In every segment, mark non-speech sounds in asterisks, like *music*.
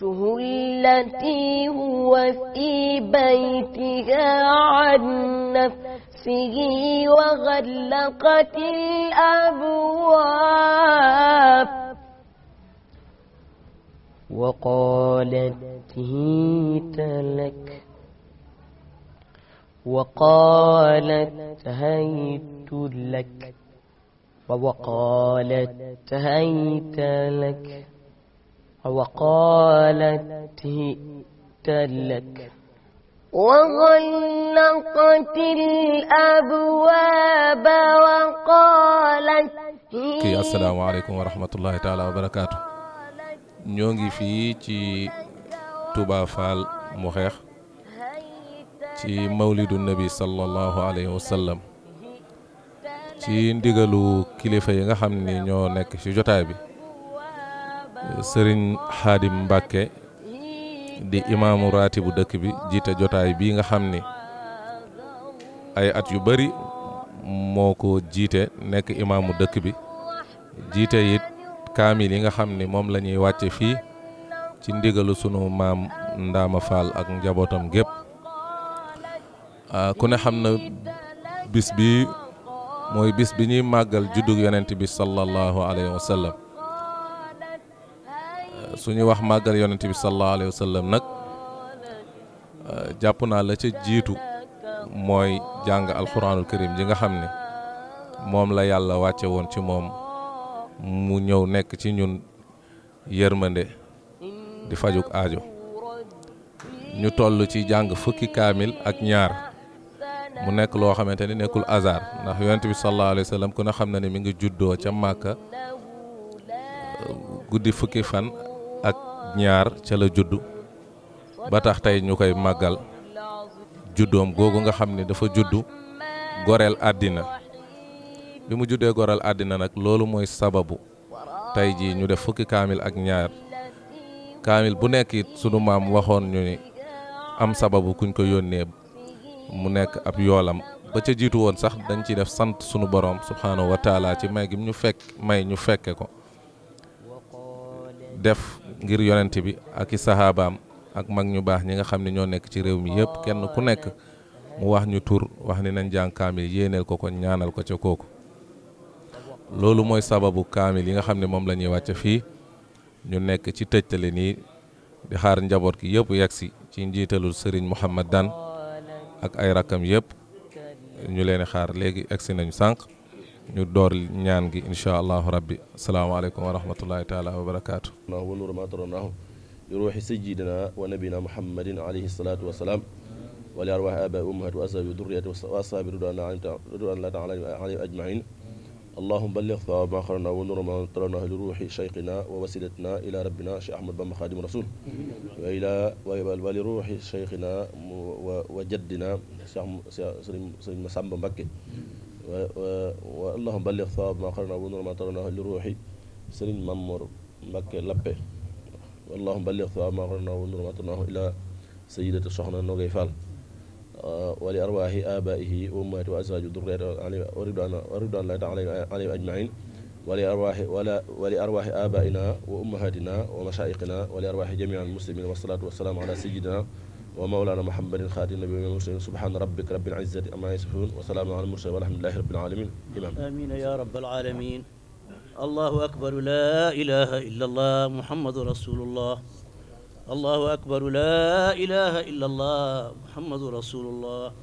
زوجته التي هو في بيتها عن نفسه وغلقت الأبواب وقالت هيت لك وقالت هيت لك وقالت هيت لك وقالت هئت لك وغلقت الأبواب وقالت kii asalaamaaleykum wa rahmatullahi taala wa barakaatu ñoo ngi fii ci Touba Fall ci mawlidu nabi sallallahu alayhi wa sallam ci ndigalu kilifa yi nga xam ni ñoo nekk ci jotaay bi sëriñ xaadim mbàkke di imaamu raati bu dëkk bi jiite jotaay bii nga xam ni ay at yu bari moo ko jiite nekk imaamu dëkk bi jiite it kaamil yi nga xam ni moom lañuy wàcce fii ci ndigalu sunu maam Ndaama Fall ak njabootam gépp ah, ku ne xam na bis bi mooy bis bi ñuy màggal juddug yonent bi sallallahu alayhi wa suñu wax màggal yonent bi sallallahu alayhi nag euh, jàpp naa la ca jiitu mooy jàng alxuraanul karim ji nga xam ne moom la yàlla wàcce woon ci moom mu ñëw nekk ci ñun yërmande di fajuk aajo ñu toll ci jàng fukki kaamil ak ñaar mu nekk loo xamante ni nekkul hasard ndax yonent bi sallallahu alayhi wa ku ne xam na ne mi ngi juddoo ca màkka guddi fukki fan ñaar ca la juddu ba tax tey ñu koy màggal juddoom googu nga xam ne dafa juddu goreel àddina bi mu juddee goreel àddina nag loolu mooy sababu tey jii ñu def fukki kaamil ak ñaar kaamil bu nekk it sunu maam waxoon ñu ni am sababu kuñ ko yónnee mu nekk ab yoolam ba ca jiitu woon sax dañ ciy def sant sunu boroom subhaanahu wa taala ci may gi ñu fekk may ñu fekke ko def ngir yonent bi ak i saxaabaam ak mag ñu baax ñi nga xam ne ñoo nekk ci réew mi yëpp kenn ku nekk mu wax ñu tur wax ni nañ jàng kaamil yéeneel ko ko ñaanal ko ca kooku loolu mooy sababu kaamil yi nga xam ne moom lañuy wàcce fii ñu nekk ci tëjtale nii di xaar njaboot ki yëpp yegg si ci njiitalul sëriñ Mouhamad Dan ak ay rakkam yëpp ñu leen xaar léegi egsi nañu sànq ñu door ñaan gi insha allahu rabbi asalaamaaleykum wa rahmatullahi taala wa barakaatu wa nuuru ma taronaahu bi ruuxi sajidina wa nabina muhammadin alayhi salaatu wasalaam wali arwaax abai ummahat wa asaabi durriyati wa asaabi ridwan la taala alayhim ajmain allahuma ballig fa ma xarana wa nuuru ma taronaahu li ruuxi cheyqina wa wasilatina ila rabbina cheikh ahmad bamba xaadim rasul wa ila wa li ruuxi cheyqina wa jaddina cheikh sëriñ sëriñ Masamba Mbakke wa allahuma ballig sawaab ma xarana wa nur ma tarana li ruuxi sëriñ Mamoor Mbakke Lappe allahuma ballig sawaab ma xarana wa nur ma tarana ila sayidati soxna Nogay Fall wali arwaahi abaihi wa ummaati wa azwaaji durriyati wa ridwaana wa ridwaanulaahi taala alayhim ajmain wali arwaahi wala wali arwaahi abaina wa ummahaatina wa mashaaiqina wali arwaahi jamii almuslimin wasalaatu wasalaamu ala sayidina wa mawlana muhammadin xaati nabi wal mursalin subhaana rabbika rabbil izzati amma yasifun wa salaamun ala mursalin walhamdulillahi rabbil alamin imaam amin ya rabbal alamin allahu akbar la ilaha illa allah muhammadu rasulullah allahu akbar la ilaha illa allah muhammadu rasulullah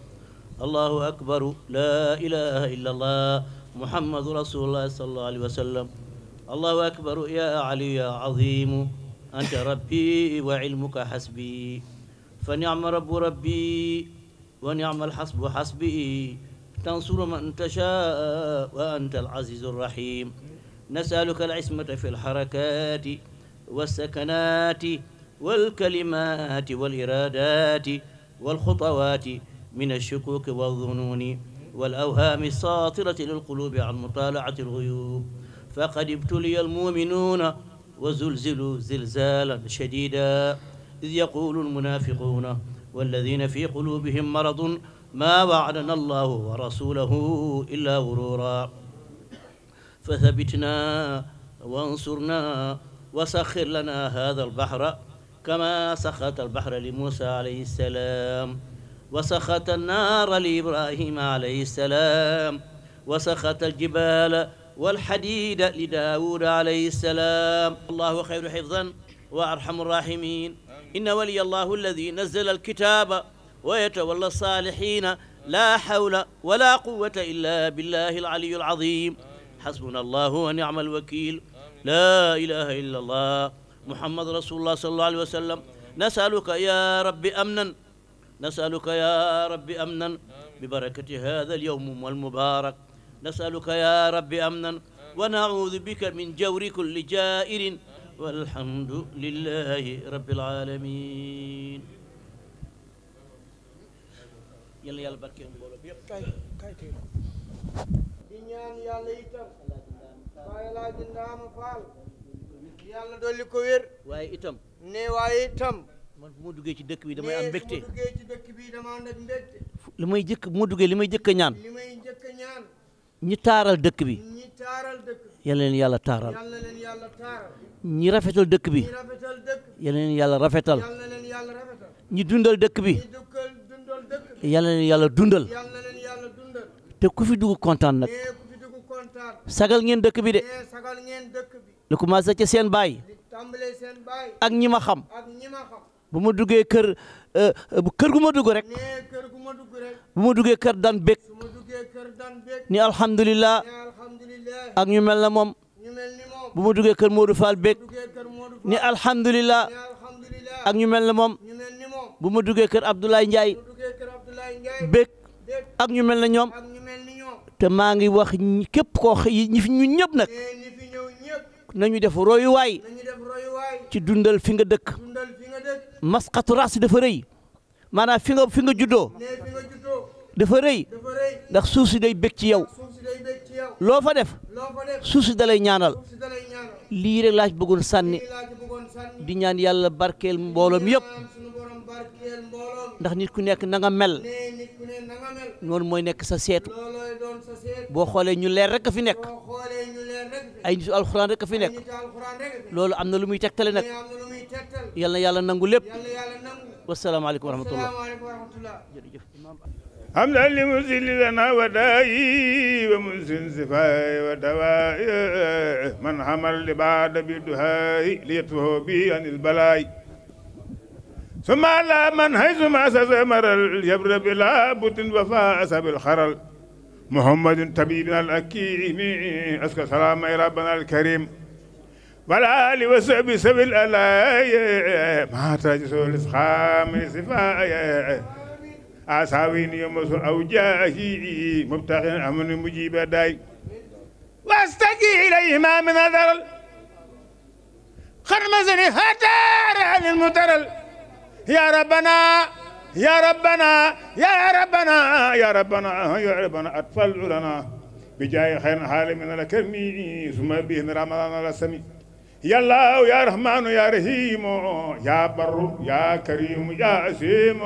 allahu akbar la ilaha illa allah muhammadu rasulullah sallallahu alayhi wa sallam allahu akbar ya ali ya azim anta rabbi wa ilmuka hasbi fa ni'ma rabbu rabbi wa ni'ma alxasbu xasbi tansuru man tashaa wa anta alazizu alrahim nasaluka alcismata fi alxarakati walsakanati walkalimati waliradati walxutawati min alshukuki waldununi والأوهام الساطرة للقلوب عن مطالعة الغيوب فقد ابتلي المؤمنون وزلزلوا زلزالا شديدا إذ يقول المنافقون والذين في قلوبهم مرض ما وعدنا الله ورسوله إلا غرورا فثبتنا وانصرنا وسخر لنا هذا البحر كما سخرت البحر لموسى عليه السلام وسخرت النار لإبراهيم عليه السلام وسخرت الجبال والحديد لداود عليه السلام الله خير حفظا وأرحم الراحمين inna waliya allahu alladi nazzala alkitaba wa yatawalla alsalihina la hawla wala quwwata illa billahi alaliyu alazim hasbuna allahu wa ni'ma alwakil la ilaha illa allah muhammad rasulullah sallallahu alayhi wa sallam nasaluka ya rabbi amnan nasaluka ya rabbi amnan bibarakati hada alyawm almubarak nasaluka ya rabbi amnan wa naudu bika min jawri kulli jairin walhamdulillahi rabbil alamin yal na yàlla barkeel mbooloo bi yëpp kay dolli ko wér waaye itam ne waaye itam man duggee ci dëkk bi damay am mbégte ne dama am mbégte li may jëkk bu ma duggee li may jëkk a ñaan li may ñi taaral dëkk bi ñi taaral dëkk bi yal na leen taaral ñi rafetal dëkk bi yal na leen yàlla rafetal ñi dundal dëkk bi yal na leen yàlla dundal te ku fi dugg kontaan nag sagal ngeen dëkk bi de lu commencé ca seen baay ak ñi ma xam bu ma duggee kër euh, bu kër gu ma dugg rek bu ma duggee kër daan bég ni alhamdulilah ak ñu mel na moom. bu ma duggee kër Modou Fall bég ni alhamdulilah ak ñu mel ne moom bu ma duggee kër Abdoulaye Ndiaye bég ak ñu mel ne ñoom te maa ngi wax képp koo ñi ñu ñëpp nag nañu def royuwaay ci dundal fi nga dëkk masqatu ras dafa rëy maanaam fi nga fi nga juddoo dafa rëy ndax suuf si day bég ci yow loo fa def suuf si dalay ñaanal lii rek laaj ci bëggoon sànni di ñaan yàlla barkeel mbooloom yëpp ndax nit ku nekk nanga mel noonu mooy nekk sa seetu boo xoolee ñu leer rek a fi nekk ay nitu alxuraan rek a fi nekk loolu am na lu muy tegtale nag yal na yàlla nangu lépp wasalaamaaleykum wa rahmatullah حمدا لمسل لنا ودائي ومسل صفاي ودوائي من حمل لبعد بدهائي ليطفه بي عن البلاي ثم على من حيث ما سزمر يبر بلا بط وفاس بالخرل محمد طبيبنا الأكيم أسكى سلام ربنا الكريم والآل وسبي سبيل الألاي ما تجسو الإسخام صفاي أساوين يمس أو جاهي مبتغي أمن مجيب داي واستقي إليه ما من ذرل خرمزني هتار عن المترل يا ربنا يا ربنا يا ربنا يا ربنا يا ربنا أطفال لنا بجاي خير حال من الكرمي ثم به رمضان السمي يا الله يا رحمن يا رحيم يا بر يا كريم يا عظيم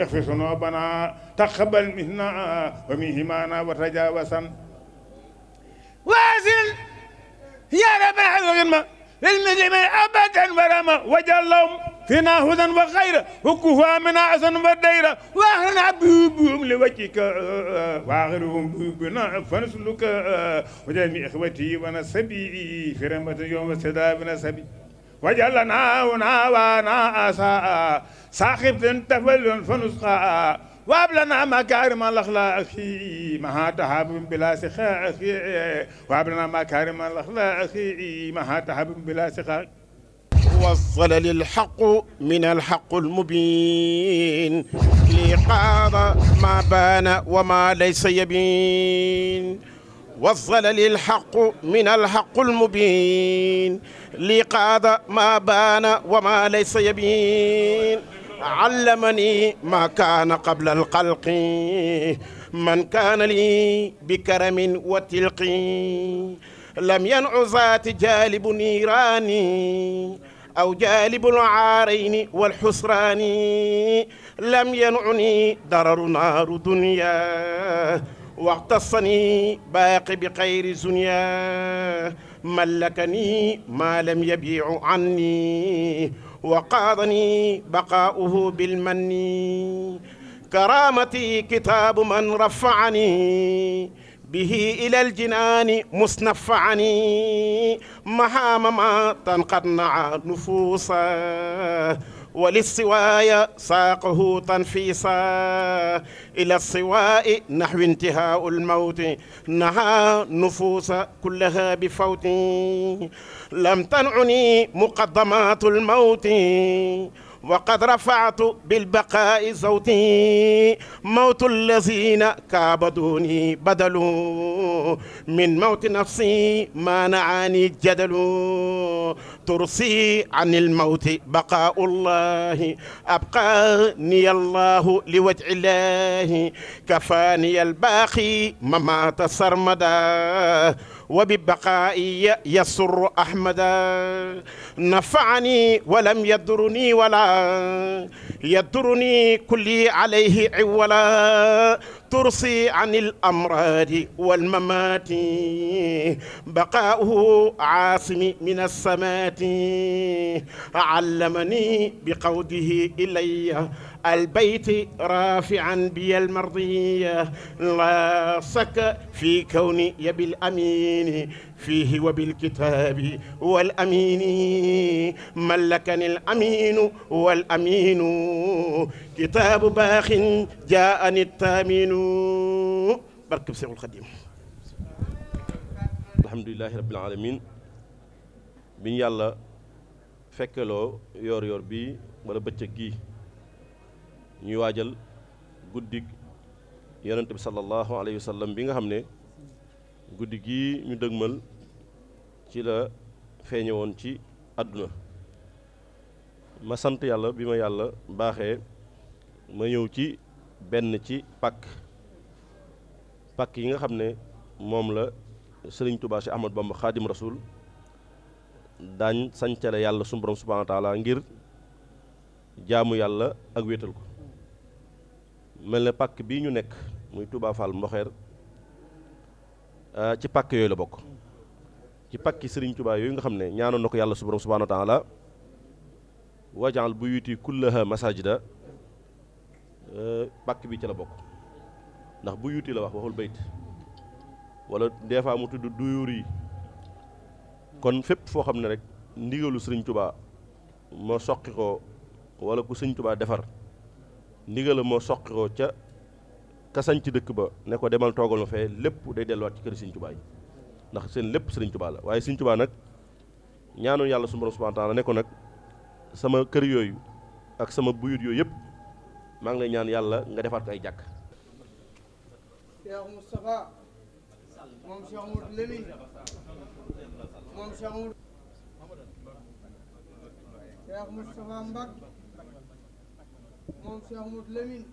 اغفر ذنوبنا تقبل منا ومن همانا وتجاوزا وازل يا رب العالمين للمجرمين ابدا ورما وجعلهم فينا هدى وخير وكفى منا عسن وديرا واهلنا بهم لوجهك واخرهم بنا فنسلك وجميع اخوتي ونسبي في رحمه يوم السداب نسبي وجعلنا ونعوانا اساء ساخف تفل فنسقى وابلنا مكارم الاخلاق مها تهاب بلا سخاء وابلنا مكارم الاخلاق مها تهاب بلا سخاء وصل للحق من الحق المبين لقاض ما بان وما ليس يبين وصل للحق من الحق المبين لقاض ما بان وما ليس يبين علمني ما كان قبل الخلق من كان لي بكرم وتلق لم ينع ذات جالب نيراني أو جالب العارين والحسران لم ينعني درر نار دنيا واغتصني باقي بخير زنيا ملكني ما لم يبيع عني wa qaadani baqaa'uhu bilmanni karaamati kitaabu man rafaani bihi ilal jinaani musnafaani mahaama ma tan qad naa nufuusa وللسواي ساقه تنفيسا إلى السواء نحو انتهاء الموت نهى نفوس كلها بفوت لم تنعني مقدمات الموت وقد رفعت بالبقاء صوتي موت الذين كابدوني بدل من موت نفسي ما نعاني الجدل ترسي عن الموت بقاء الله أبقاني الله لوجه الله كفاني الباقي ممات سرمدا wa bi baqaa'i yasurru ahmada nafaani walam yaduruni wala yaduruni kulli alayhi iwala tursi an il amradi walmamati baqaa'uhu aasimi min alsamati allamani bi qawdihi ilayya البيت رافعا بي المرضية لا شك في كوني يا بالأمين فيه وبالكتاب والأمين ملكني الأمين والأمين كتاب باخ جاءني التامين بركب سيد الخديم الحمد لله رب العالمين بن يالا fekkeloo yoor yoor bi wala bëccëg gi ñuy waajal guddig yonent bi sallallahu alayhi wa bi nga xam ne guddi gii ñu dëgmal ci la feeñe woon ci àdduna ma sant yàlla bi ma yàlla baaxee ma ñëw ci benn ci pàkk pàkk yi nga xam ne moom la sëriñ Tuubaa si Ahmad Bamba Xaadim Rasul daañ sancale yàlla sunu borom subhaana ngir jaamu yàlla ak wéetal ko mel na pàkk bii ñu nekk muy Touba Fall Mboxeer ah, ci pàkk yooyu la bokk ci pàkki Serigne Touba yooyu nga xam ne ñaanoon na ko yàlla su borom subhaana wa taala wajaal bu yuti kullaha masajida eh, pàkk bi ci la bokk ndax bu yuti la wax waxul bayt wala des fois mu tudd duyuur yi kon fépp foo xam ne rek ndigalu Serigne Touba moo soqi ko wala ku Serigne Touba defar ndigal moo soqiroo ca ka sañ ci dëkk ba ne ko demal toogal ma fee lépp day delluwaat ci kër Sëriñ Tuubaa ndax seen lépp Sëriñ Tuubaa la waaye Sëriñ Tuubaa nag ñaanu yàlla suñu borom subhaanahu wa ne ko nag sama kër yooyu ak sama buyut yooyu yëpp maa ngi lay ñaan yàlla nga defaat ko ay jàkk moom Cheikh Amadou Lamine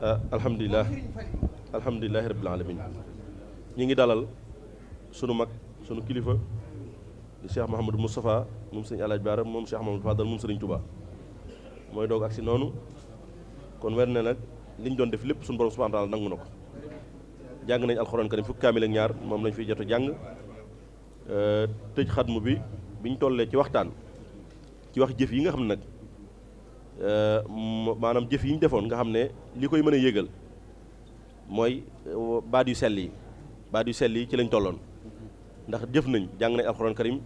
euh, alamin ñi ngi dalal sunu mag. sunu kilifa di Cheikh Mouhamadou Moustapha moom sëñ Alaaj Baara moom Cheikh Mouhamadou Fadal moom sëriñ Touba mooy doog ak si noonu kon weer ne nag ñu doon def lépp suñu borom subhanahu taala nangu na ko jàng nañ alxuraan karim fukki kaamil ñaar moom lañ fiy jot a jàng tëj xatmu bi ñu tollee ci waxtaan ci wax jëf yi nga xam ne nag maanaam jëf yi ñu defoon nga xam ne li koy mën a yégal mooy baat yu sell yi baat yu sell yi ci lañ tolloon ndax jëf nañ jàng nañ alxuraan karim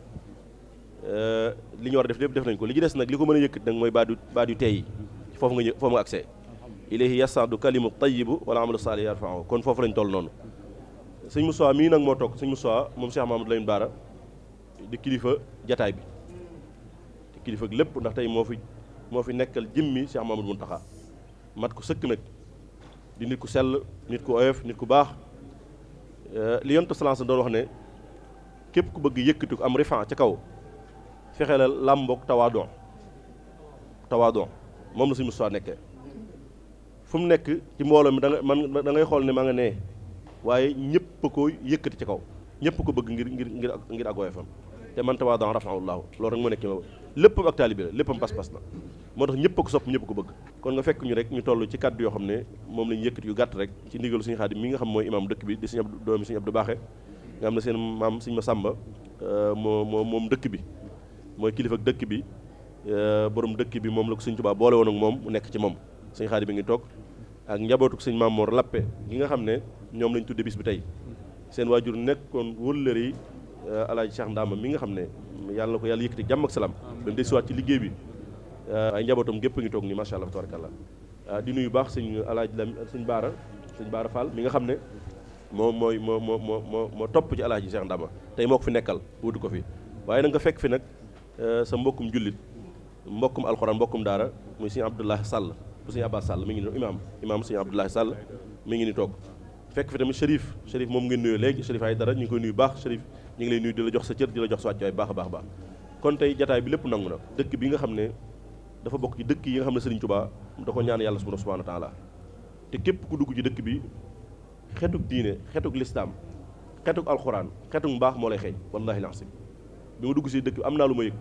euh, li ñu war a def lépp def nañ ko li ci des nag li ko mën a yëkkat nag mooy baat yu baat yu tey foofu nga ñë foofu nga accès ilayhi yasadu kalimu tayibu wala amalu saalih yarfaahu kon foofu lañu toll noonu sëñ Moussa mii nag moo toog sëñ Moussa moom Cheikh Mamadou Lamine Bara di kilifa jataay bi di kilifa lépp ndax tey moo fi moo fi nekkal jëmmi Cheikh Mamadou taxa mat ko sëkk nag di nit ku sell nit ku oyof nit ku baax euh, képp ku bëgg yëkkati ko am rifan ca kaw fexe la làmboog tawaadon tawaadon moom la suñu Moustapha nekkee fu mu nekk ci mbooloo mi da nga man da xool ne ma nga nee waaye ñëpp a ko yëkkati ci kaw ñëpp ko bëgg ngir ngir ngir ngir ak woyofam te man tawaadon rafa'ullaahu loolu rek moo nekk ci ma léppam ak taalibi kon nga fekk ñu rek ñu toll ci kàddu yoo xam ne moom la ñu yu gàtt rek ci ndigalu suñu Xaadim mi nga xam mooy imam dëkk bi di suñu ab doomi suñu Abdu Baaxe nga xam ne seen maam suñ ma sàmba euh, moo moo moom dëkk bi mooy kilifa dëkk bi euh, borom dëkk bi moom la ko suñ Tuubaa boole woon ak moom mu nekk ci moom suñ xaadi bi ngi toog ak njabootuk suñ maam Mor Lappe gi nga xam ne ñoom lañ tudde bis bi tey seen waajur kon wëllër yi euh, alaaji Cheikh Ndama mi nga xam ne yàlla ko yàlla yëkkati jàmm ak salaam ba mu desiwaat ci liggéey bi ay njabootam gépp ngi toog nii macha allah tabaarakallah di nuyu baax suñ alaaji la suñ baara nga xam ne moo mooy moo moo moo moo moo topp ci alaaji Cheikh Ndama tey moo ko fi nekkal wutu ko fi waaye na nga fekk fi nag euh, sa mbokkum jullit mbokkum alxuraan mbokkum daara muy sëñ Abdoulahi Sall bu sëñ Abbas Sall mi ngi ni imaam imaam sëñ Abdoulahi Sall mi ngi ni toog fekk fi tamit Chérif Chérif moom ngeen nuyoo léegi Chérif ay dara ñu ngi koy nuyu baax Chérif ñu ngi lay nuyu di la jox sa cër di la jox sa wàccuwaay baax a baax baax kon tey jataay bi lépp nangu na dëkk bi nga xam ne dafa bokk ci dëkk yi nga xam ne Sëriñ Tuubaa da ko ñaan yàlla subhanahu wa taala te képp ku dugg ci dëkk bi xetuk diine xetuk lislaam xetuk alxuraan xetuk mbaax moo lay xeeñ wallahi lancim bi ma dugg si dëkk bi am naa lu ma yëg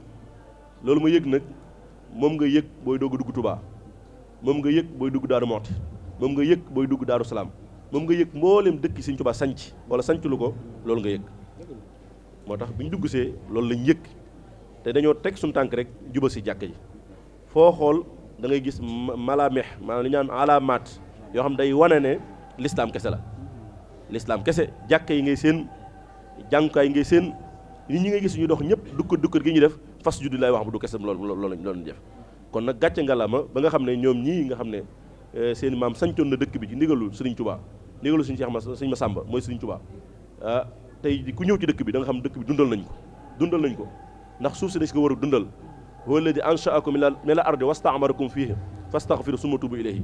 loolu ma yéeg nag moom nga yëg booy doog dugg tubaa moom nga yëg booy dugg Daaru Moxti moom nga yëg booy dugg Daaru Salaam moom nga yëg mboolem dëkk Sëñ Touba sanc wala sanc lu ko loolu nga yëg moo tax bi ñu dugg see loolu lañ yëg te dañoo teg suñu tànk rek juba si jàkk ji foo xool da ngay gis malameex maanaam li ñu naan alamaat yoo xam day wane ne lislaam kese la lislaam kese jàkka yi ngay seen jàngukaay yi ngay seen nit ñi ngay gis ñu dox ñëpp dukkër dukkër gi ñu def fas juddu laay wax bu du kese loolu loolu loolu def kon nag gàcce nga xam ne ñoom ñii nga xam ne eh, seen maam sancoon na dëkk bi ci ndigalu sëriñ Tuubaa ndigalu sëriñ Seex ma sëriñ Masàmba mooy sëriñ Tuubaa ah tey ñëw ci dëkk bi da nga xam dëkk bi dundal nañ ko dundal nañ ko ndax suuf si dañ war dundal huwa alladi ansha'akum min al-ardi wastaamarakum fiihi fastaghfiru summa tuubu ilayhi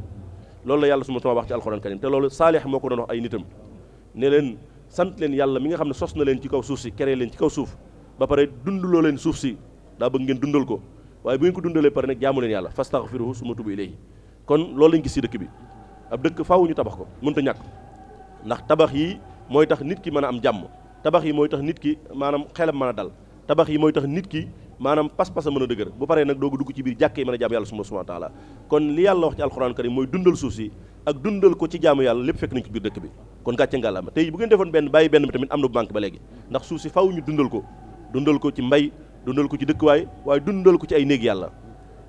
loolu la yàlla suma sama wax ci alxuraan karim te loolu saalix moo ko doon wax ay nitam ne leen sant leen yàlla mi nga xam ne sos na leen ci kaw suuf si keree leen ci kaw suuf ba pare dundaloo leen suuf si daa bëgg ngeen dundal ko waaye bu ngeen ko dundalee pare nag jaamu leen yàlla fastaghfiruhu summa tubu ilayhi kon loolu lañ gis ci dëkk bi ab dëkk faaw ñu tabax ko mënta ñàkk ndax tabax yi mooy tax nit ki mën a am jàmm tabax yi mooy tax nit ki maanaam xelam mën a dal tabax yi mooy tax nit ki maanaam pas-pas a mën a dëgër bu paree nag a mooy dundal suuf si ak ko ci jaamu yàlla lépp fekk nañ ko biir dëkk bi kon gàcce ngàllaama tey bu ngeen defoon benn bàyyi benn bi tamit am na bu manque ba léegi ndax suuf si faw ñu dundal ko dundal ko ci mbay dundal ko ci dëkkuwaay waaye dundal ko ci ay néegi yàlla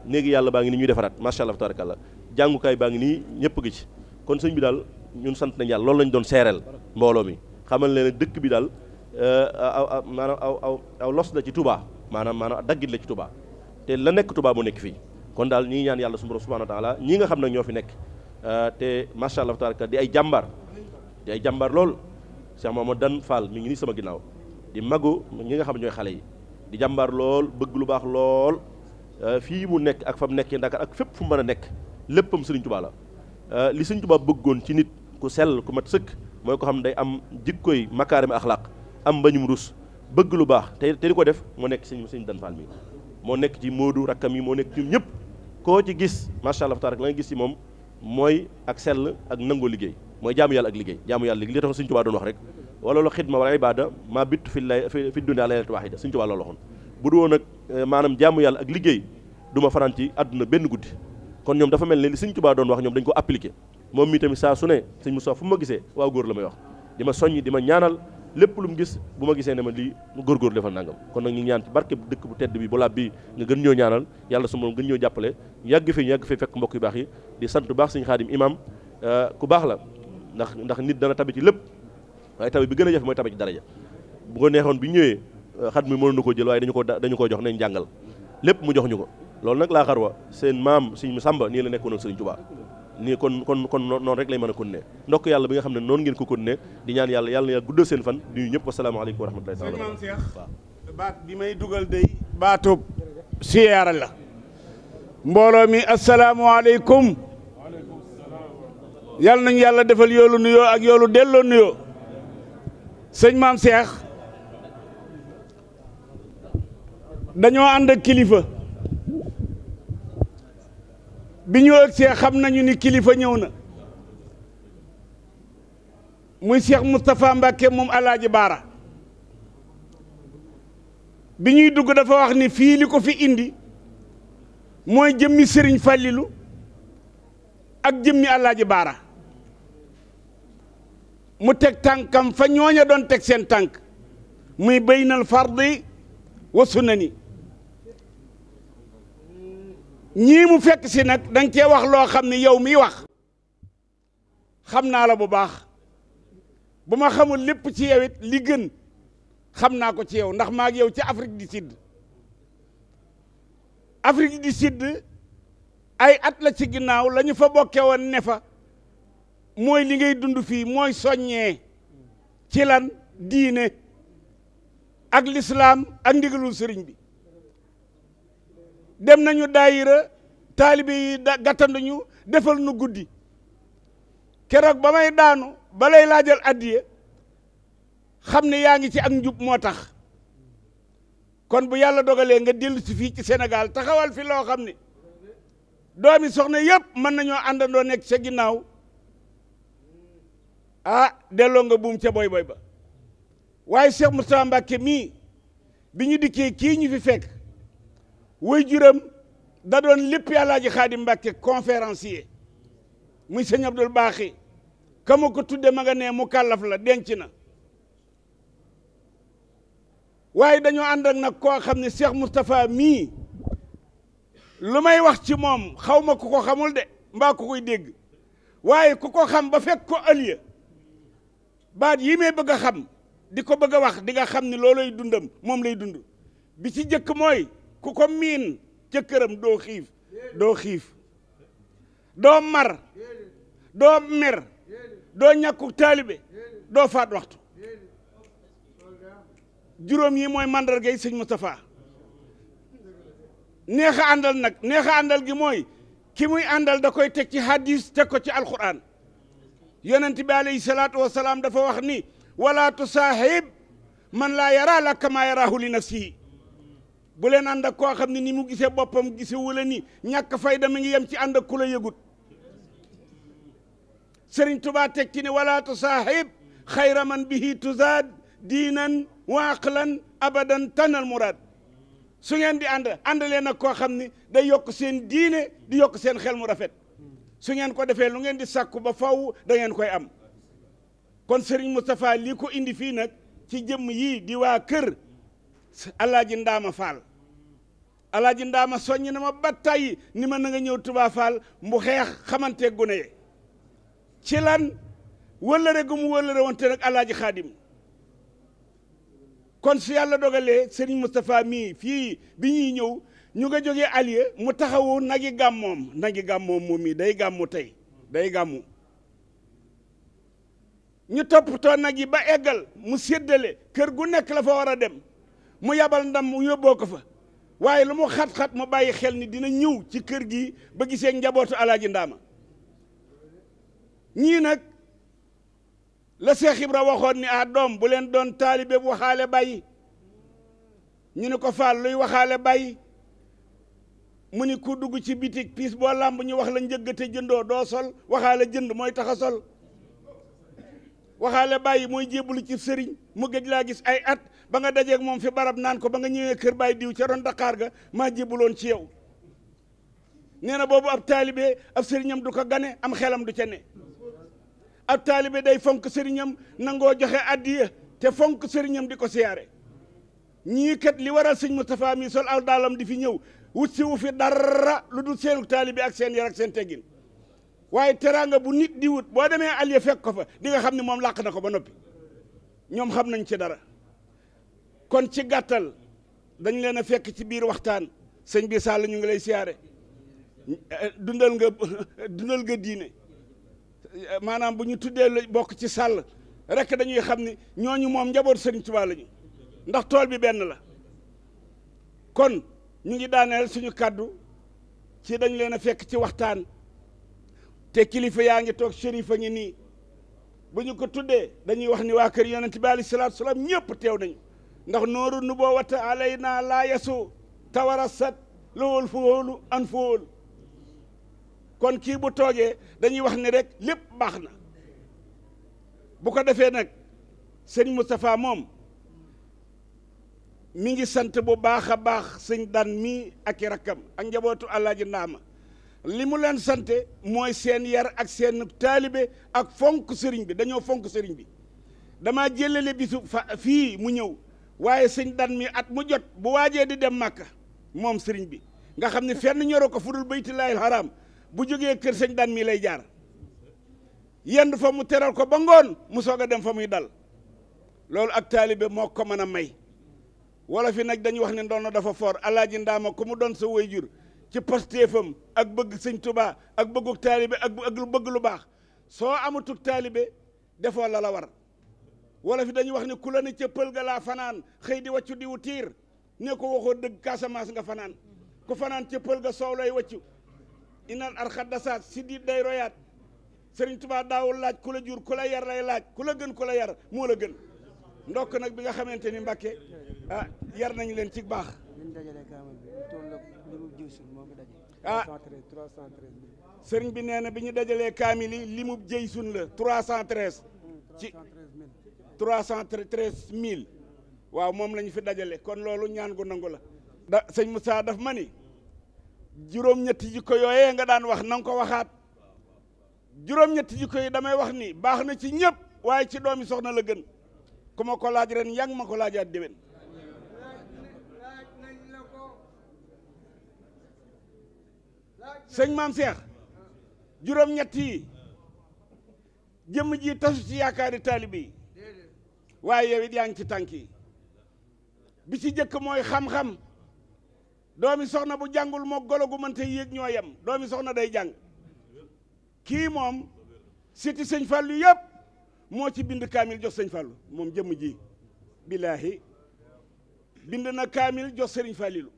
néeg yàlla baa ngi nii ñuy defaraat macha allah tabarakallah jàngukaay baa ngi nii ñëpp gi ci kon sëñ bi daal ñun sant nañ yàlla loolu lañ doon seereel mbooloo mi xamal leen dëkk bi daal euh, aw maanaam aw aw aw los la ci Touba maanaam maanaam daggit la ci Touba te la nekk tubaa mu nekk fii kon daal ñi ñaan yàlla suñu borom subhanahu wa taala ñi nga xam nag ñoo fi nekk euh, te macha allah tabarakallah di ay jàmbaar di ay jàmbaar lool ma dan Fall mi ngi nii sama ginnaaw di magu ñi nga xam ñooy xale yi di jàmbaar lool bëgg lu baax lool euh, fii mu nekk ak fa mu nekkee Ndakaar ak fépp fu mu mën a nekk léppam Sëriñ Tuubaa la euh, li Sëriñ Tuubaa bëggoon ci nit ku sell ku mat sëkk mooy ko xam day am jikkoy makaarimi axlaaq am mbañum rus bëgg lu baax te te di ko def moo nekk sëñ sëñ Dan Fall mi moo nekk ci Moodu rakkam yi moo nekk ci ñëpp koo ci gis macha allah taala gis ci moom mooy ak sell ak nangoo liggéey mooy jaamu yàlla ak liggéey jaamu yàlla liggéey li tax Sëñ Tuubaa doon wax rek wala lu xidma wala ibada maa bittu fi lay fi bu du woon eh, maanaam jaamu yàlla ak liggéey du ma fanaan ci àdduna benn guddi kon ñoom dafa mel ne li Sëñ Tuubaa doon wax ñoom dañ ko appliqué moom mii tamit saa su ne Sëñ Musaa fu ma gisee waaw góor la may wax di ma soññ di ma ñaanal lépp lu mu gis bu ma gisee ne ma lii góorgóor defal nangam kon nag ñu ñaan ci barke dëkk bu tedd bi bu laab bi nga gën ñoo ñaanal yàlla su moom gën ñëw jàppale yàgg fi ñu yàgg fi fekk mbokk yu baax yi di sant bu baax suñu xaadim imam euh, ku baax la ndax ndax nit dana tabe ci lépp waaye tabe bi gën a jafe mooy tabe ci daraja bu ko neexoon bi ñëwee euh, xat mi mënoon na ko jël waaye dañu ko dañu koo jox nañ jàngal lépp mu jox ñu ko loolu nag laa xarwa seen maam suñu sàmba nii la nekkoon ak Sëriñ nii kon kon kon noonu rek lay mën a continuer ndokk yàlla bi nga xam ne noonu ngeen ko continuer di ñaan yàlla yàlla ya guddal seen fan di ñëpp wasalaamaaleykum wa rahmatullahi taala maam Cheikh baat bi may dugal day baatub siyaara la mbooloo mi asalaamaaleykum yàlla nañu yàlla defal yoolu nuyoo ak yoolu delloo nuyoo sëñ maam Cheikh dañoo ànd ak kilifa bi ñu ëgsee xam nañu ni kilifa ñëw na muy Cheikh Moustapha Mbacke moom alaaji Baara bi ñuy dugg dafa wax ni fii li ko fi indi mooy jëmmi sëriñ Fàllilu ak jëmmi alaaji Baara mu teg tànkam fa ñooña doon teg seen tànk muy baynal fardi wa sunani ñii mu fekk si nag danga cee wax loo xam ni yow mii wax xam naa la bu baax bu ma xamul lépp ci yow li gën xam naa ko ci yow ndax maag yow ci Afrique du Sud Afrique du sidd ay at la ci ginnaaw lañu fa bokke woon ne fa mooy li ngay dund fii mooy soññee ci lan diine ak lislaam ak ndigalul sëriñ bi dem nañu daayira taalibe yi gàttanduñu defal nu guddi keroog ba may daanu balay laajal addiye xam ne yaa ngi ci ak njub moo tax kon bu yàlla dogalee nga dellu si fii ci Sénégal taxawal fi loo xam ne doomi soxna yëpp mën nañoo àndandoo nekk ca ginnaaw ah delloo nga buum ca boy boy ba waaye Cheikh Moustapha Mbacké mii bi ñu dikkee kii ñu fi fekk way juram da doon lépp yàllaa ji xaadim mbàkke conférencier muy sëñ abdul baaxi ka ma ko tudde ma nga ne mu kàllaf la denc na waaye dañoo ànd ak nag koo xam ne Cheikh Moustapha mii lu may wax ci moom xawma ku ko xamul de mbaa ku koy dégg waaye ku ko xam ba fekk ko ëllëg baat yi may bëgg a xam di ko bëgg a wax di nga xam ni loolay dundam moom lay dund bi ci jëkk mooy ku ko miin ca këram doo xiif doo xiif doo mar doo mer doo ñàkku taalibe doo faat waxtu juróom yi mooy mandarga yi sëñ Moustapha neex àndal nag neex àndal gi mooy ki muy àndal da koy teg ci hadis teg ko ci alxuraan yonent bi alayhi salaatu wasalaam dafa wax ni wala tusahib man laa yara la kama yarahu li nafsihi bu leen ànd ak koo xam ne ni mu gisee boppam gise wala ni ñàkk fayda mi ngi yem ci ànd ak ku yëgut sëriñ tubaa teg ki ne wala tusaahib xayra man bihi tuzaad diinan wa aqlan abadan tanal muraad su ngeen di ànd ànd leen ak koo xam ni day yokk seen diine di yokk seen xel mu rafet su ngeen ko defee lu ngeen di sàkku ba faw da ngeen koy am kon sëriñ Moustapha lii ko indi fii nag ci jëmm yii di waa kër Alaaji Ndaama Faal alaaji ndaama soññ na ma ba tàyyi ni ma nanga nga ñëw Touba Fall mu xeex xamante gune ye ci lan wëllëre gu mu wëllëre wante nag alaaji xaadim kon su yàlla dogalee sëriñ Moustapha mii fii bi ñuy ñëw ñu nga joge Alieu mu taxawu nagi gàmmoom nagi gàmmoom moom mii day gàmmu tey day gàmmu ñu toppatoo nag yi ba eggal mu séddale kër gu nekk la fa war a dem mu yabal ndam mu yóbboo ko fa waaye lu mu xat-xat mu bàyyi xel ni dina ñëw ci kër gi ba gisee njabootu alaaji ndaama ñii nag la Seex Ibra waxoon ni ah doom bu leen doon taalibe bu waxaale bàyyi ñu ne ko faal luy waxaale bàyyi mu ni ku dugg ci bitig piis boo làmb ñu wax la njëggate jëndoo doo sol waxaale jënd mooy taxa sol waxaale bàyyi mooy jébbalu ci sëriñ mu gëj laa gis ay at ba nga dajeeg moom fi barab naan ko ba nga ñëwee kër baay diw ca ron Dakar ga maa jébbuloon ci yow nee na boobu ab taalibe ab sëriñam du ko gane am xelam du ca ne ab taalibe day fonk sëriñam nangoo joxe addiya te fonk sëriñam di ko siyaare ñii kat li waral sëñ Moustapha mi sol aw daalam di fi ñëw wut si wu fi dara lu du seenu taalibe ak seen yar ak seen teggin waaye teraanga bu nit di wut boo demee Aliou fekk ko fa di nga xam ne moom làq na ko ba noppi ñoom xam nañ ci dara kon ci gàttal dañ leen a fekk ci biir waxtaan sëñ bi sàll ñu ngi lay siyaare dundal nga *laughs* dundal nga diine maanaam bu ñu tuddee la bokk ci sàll rek dañuy xam ni ñooñu moom njaboot sëriñ Tuubaa lañu ndax tool bi benn la kon ñu ngi daaneel suñu kàddu ci dañ leen a fekk ci waxtaan te kilifa yaa ngi toog shérif a ngi nii bu ñu ko tuddee dañuy wax ni waa kër yonent bi alayhi salaatu salaam ñëpp teew nañu ndax nooru nubuwwata alayna laa yasu tawarasat lowul fuhóolu an fuhóolu kon kii bu toogee dañuy wax ne rekk lépp baax na bu ko defee nag sëñ Moustapha moom mi ngi sant bu baax a baax sëñ daan mii ak i rakkam ak njabootu Alaaji Ndaama li mu leen sante mooy seen yar ak seen taalibe ak fonk sëriñ bi dañoo fonk sëriñ bi dama jëlale bisu fa fii mu ñëw waaye sëñ dan mi at mu jot bu waajee di dem màkka moom sëriñ bi nga xam ne fenn ñoro ko fu dul baytilaayil haram bu jógee kër sëñ dan mi lay jaar yenn fa mu teral ko ba ngoon mu soog a dem fa muy dal loolu ak taalibe moo ko mën a may wala fi nag dañu wax ne ndono dafa foor alaaji ndaama ku mu doon sa waajur ci pastéefam ak bëgg sëñ tubaa ak bëgguk taalibe ak ak lu bëgg lu baax soo amutug taalibe defoo la la war wala fi dañuy wax ne ku la ne cëppal ga laa fanaan xëy di waccu diwu tiir ne ko waxoo dëgg Casamance nga fanaan ku fanaan cëppal ga soow lay waccu inal arxat dasaat si di day royaat sëriñ Tuubaa daawul laaj ku la jur ku la yar lay laaj ku la gën ku la yar moo la gën ndokk nag bi nga xamante ni Mbàkke ah yar nañu leen ci baax ah sëriñ bi nee na bi ñu dajalee kaamil yi li mu jëy sun la 313 ci trois cent treize mille waaw moom la ñu fi dajale kon loolu ñaan gu nangu la da sëñ saa daf ma ni juróom-ñetti jikko yooyee nga daan wax na nga ko waxaat juróom-ñetti jikko yi damay wax nii baax na ci ñëpp waaye ci doomi soxna la gën ku ma ko laaj ren yàgg ma ko laajaat déwén sëñ maam Cheikh juróom-ñett yi jëmm ji tasu ci yaakaari taalibe yi waaye yow it yaa ngi ci tànk yi bi ci jëkk mooy xam-xam doomi soxna bu jàngul moo golo gu mënta yéeg ñoo yem doomi soxna day jàng kii moom siti sëñ Fallou yëpp moo ci bind kaamil jox sëñ Fallou moom jëmm ji billaahi bind na kaamil jox sëriñ Fallilou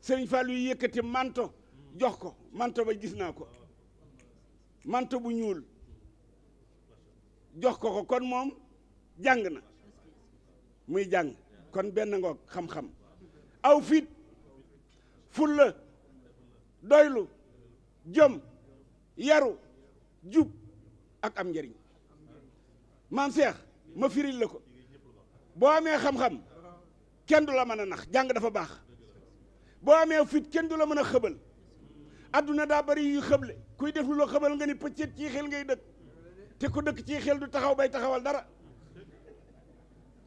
sëriñ Fallou yi yëkkati manto jox ko manto ba gis naa ko manto bu ñuul jox ko ko kon moom jàng na muy jàng kon benn ngoog xam-xam aw fit fulla doylu jom yaru jub ak am njëriñ maam seex ma firil la ko boo amee xam-xam kenn du la mën a nax jàng dafa baax boo amee fit kenn du la mën a xëbal adduna daa bari yuy xëble kuy def lu la xëbal nga ni pëccet ci ngay dëkk te ku dëkk ci du taxaw bay taxawal dara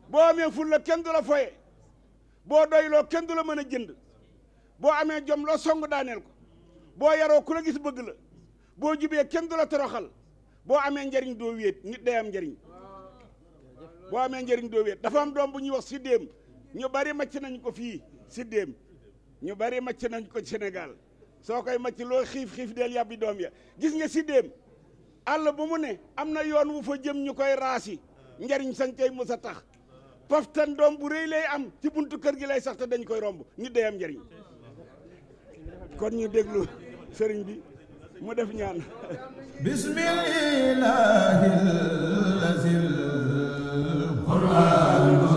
boo amee fulla kenn du la foye boo doyloo kenn mën a jënd boo amee jom loo song daaneel ko boo yaroo ku la gis bëgg la boo jubee kenn du toroxal boo amee njariñ doo wéet nit day am njariñ boo amee njariñ doo wéet dafa am doom bu ñuy wax si déem ñu bari macc nañ ko fii siddéem déem ñu bari macc nañ ko Sénégal soo koy macc loo xiif xiif del yàbbi doom ya gis nga si déem àll bu mu ne am na yoon wu fa jëm ñu koy raasi njariñ sañ cay musa tax tan doom bu rëy lay am ci buntu kër gi lay sax te dañu koy romb nit day am kon ñu déglu sëriñ bi mu def ñaan bismillaahil laziil quraan